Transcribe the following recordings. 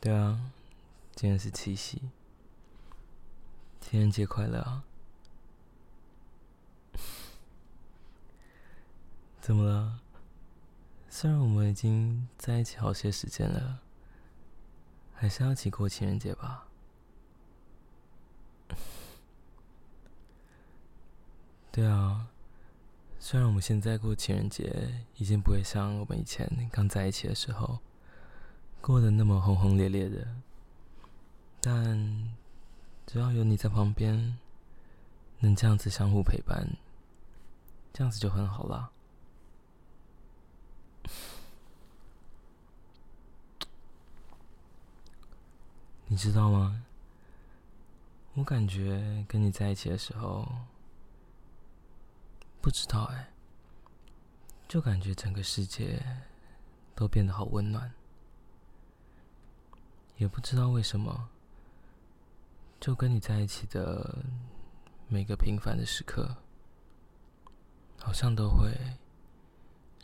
對啊，今天是七夕，情人節快樂啊！ 怎麼了？雖然我們已經在一起好些時間了，還是要一起過情人節吧？ 對啊，雖然我們現在過情人節，已經不會像我們以前剛在一起的時候。過得那麼轟轟烈烈的，但只要有你在旁邊，能這樣子相互陪伴，這樣子就很好啦。你知道嗎？我感覺跟你在一起的時候，不知道哎、欸，就感覺整個世界都變得好溫暖。也不知道為什麼，就跟你在一起的每個平凡的時刻，好像都會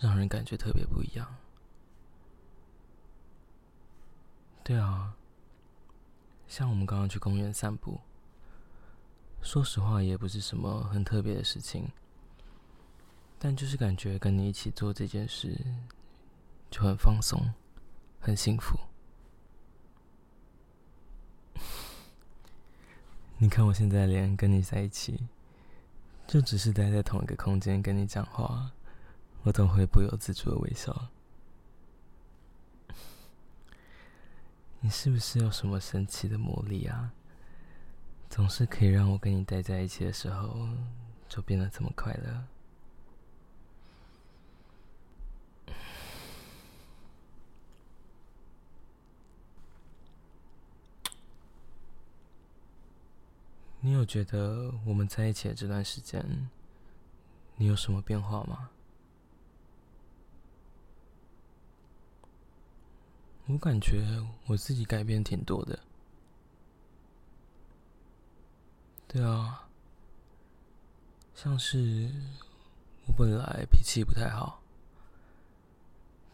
讓人感覺特別不一樣。對啊，像我們剛剛去公園散步，說實話也不是什麼很特別的事情，但就是感覺跟你一起做這件事就很放鬆、很幸福。你看，我現在連跟你在一起，就只是待在同一個空間跟你講話，我都會不由自主的微笑。你是不是有什麼神奇的魔力啊？總是可以讓我跟你待在一起的時候，就變得這麼快樂。你有覺得我們在一起的這段時間，你有什麼變化嗎？我感覺我自己改變挺多的。對啊，像是我本來脾氣不太好，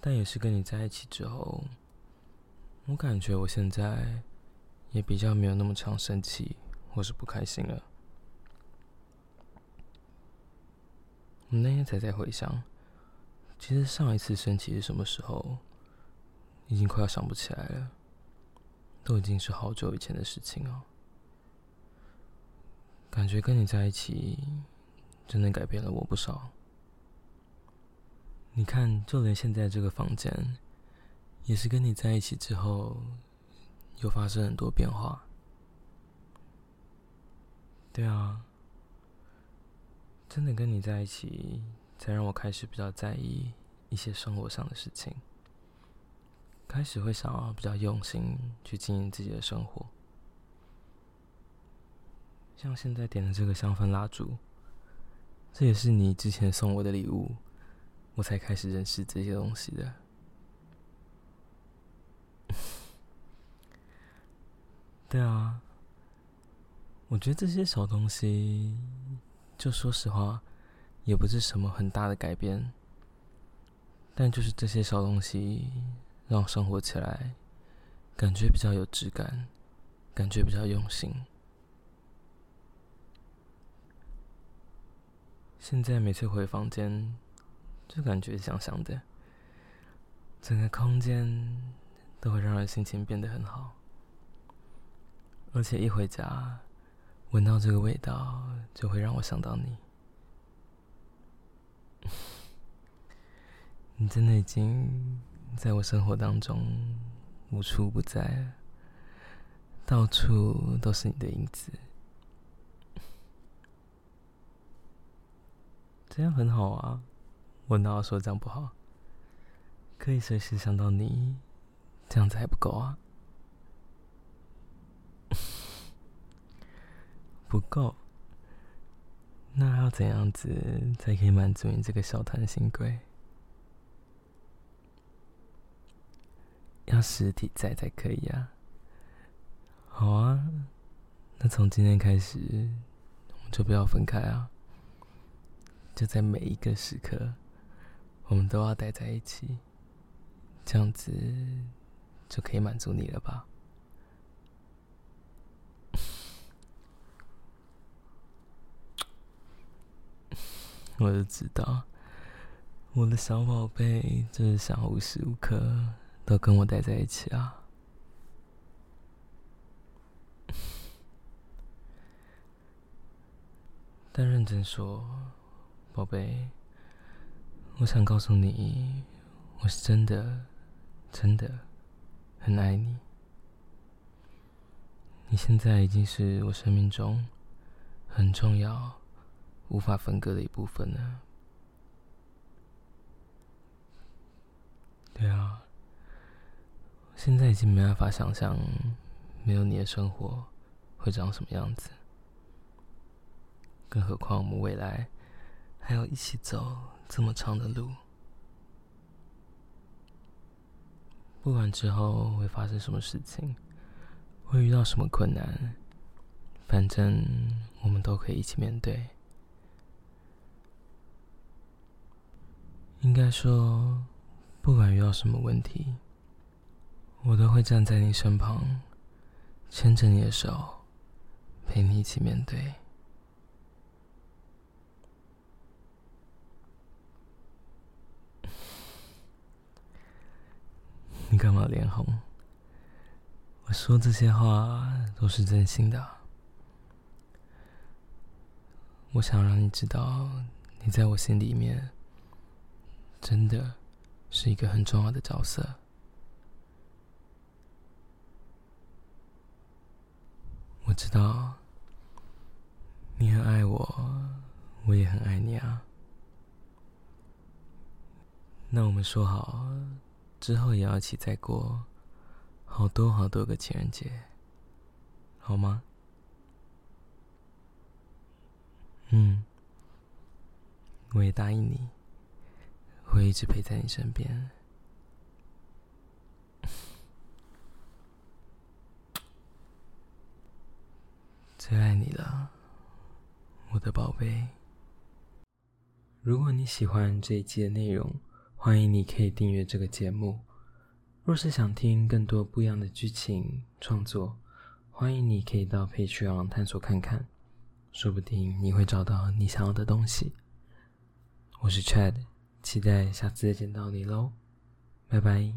但也是跟你在一起之後，我感覺我現在也比較沒有那麼常生氣，或是不開心了。我那天才在回想，其實上一次生氣是什麼時候，已經快要想不起來了，都已經是好久以前的事情了。感覺跟你在一起，真的改變了我不少。你看，就連現在這個房間，也是跟你在一起之後，又發生很多變化。對啊，真的跟你在一起，才讓我開始比較在意一些生活上的事情，開始會想要比較用心去經營自己的生活。像現在點的這個香氛蠟燭，這也是你之前送我的禮物，我才開始認識這些東西的。 對啊。我覺得這些小東西，就說實話，也不是什麼很大的改變，但就是這些小東西，讓生活起來感覺比較有質感，感覺比較用心。現在每次回房間，就感覺香香的，整個空間都會讓人心情變得很好，而且一回家，聞到這個味道，就會讓我想到你。 你真的已經在我生活當中無處不在，到處都是你的影子。 這樣很好啊，我哪有說這樣不好？可以隨時想到你，這樣子還不夠啊？不夠，那要怎樣子才可以滿足你這個小貪心鬼？要實體在才可以啊！好啊，那從今天開始，我們就不要分開啊！就在每一個時刻，我們都要待在一起，這樣子就可以滿足你了吧？我就知道，我的小寶貝就是想無時無刻都跟我待在一起啊。但認真說，寶貝，我想告訴你，我是真的，真的很愛你。你現在已經是我生命中很重要，無法分割的一部分呢。對啊，現在已經沒辦法想象沒有你的生活會長什麼樣子。更何況我們未來還要一起走這麼長的路，不管之後會發生什麼事情，會遇到什麼困難，反正我們都可以一起面對。應該說，不管遇到什麼問題，我都會站在你身旁，牽着你的手，陪你一起面對。 你幹嘛臉紅？我說這些話都是真心的，我想讓你知道，你在我心裡面。真的是一個很重要的角色。我知道你很愛我，我也很愛你啊。那我們說好，之後也要一起再過好多好多個情人節，好嗎？嗯，我也答應你。我會一直陪在你身邊，最愛你了，我的寶貝。如果你喜歡這一期的內容，歡迎你可以訂閱這個節目。若是想聽更多不一樣的劇情創作，歡迎你可以到 Patreon 探索看看，說不定你會找到你想要的東西。我是 Chad。期待下次見到你嘍，拜拜。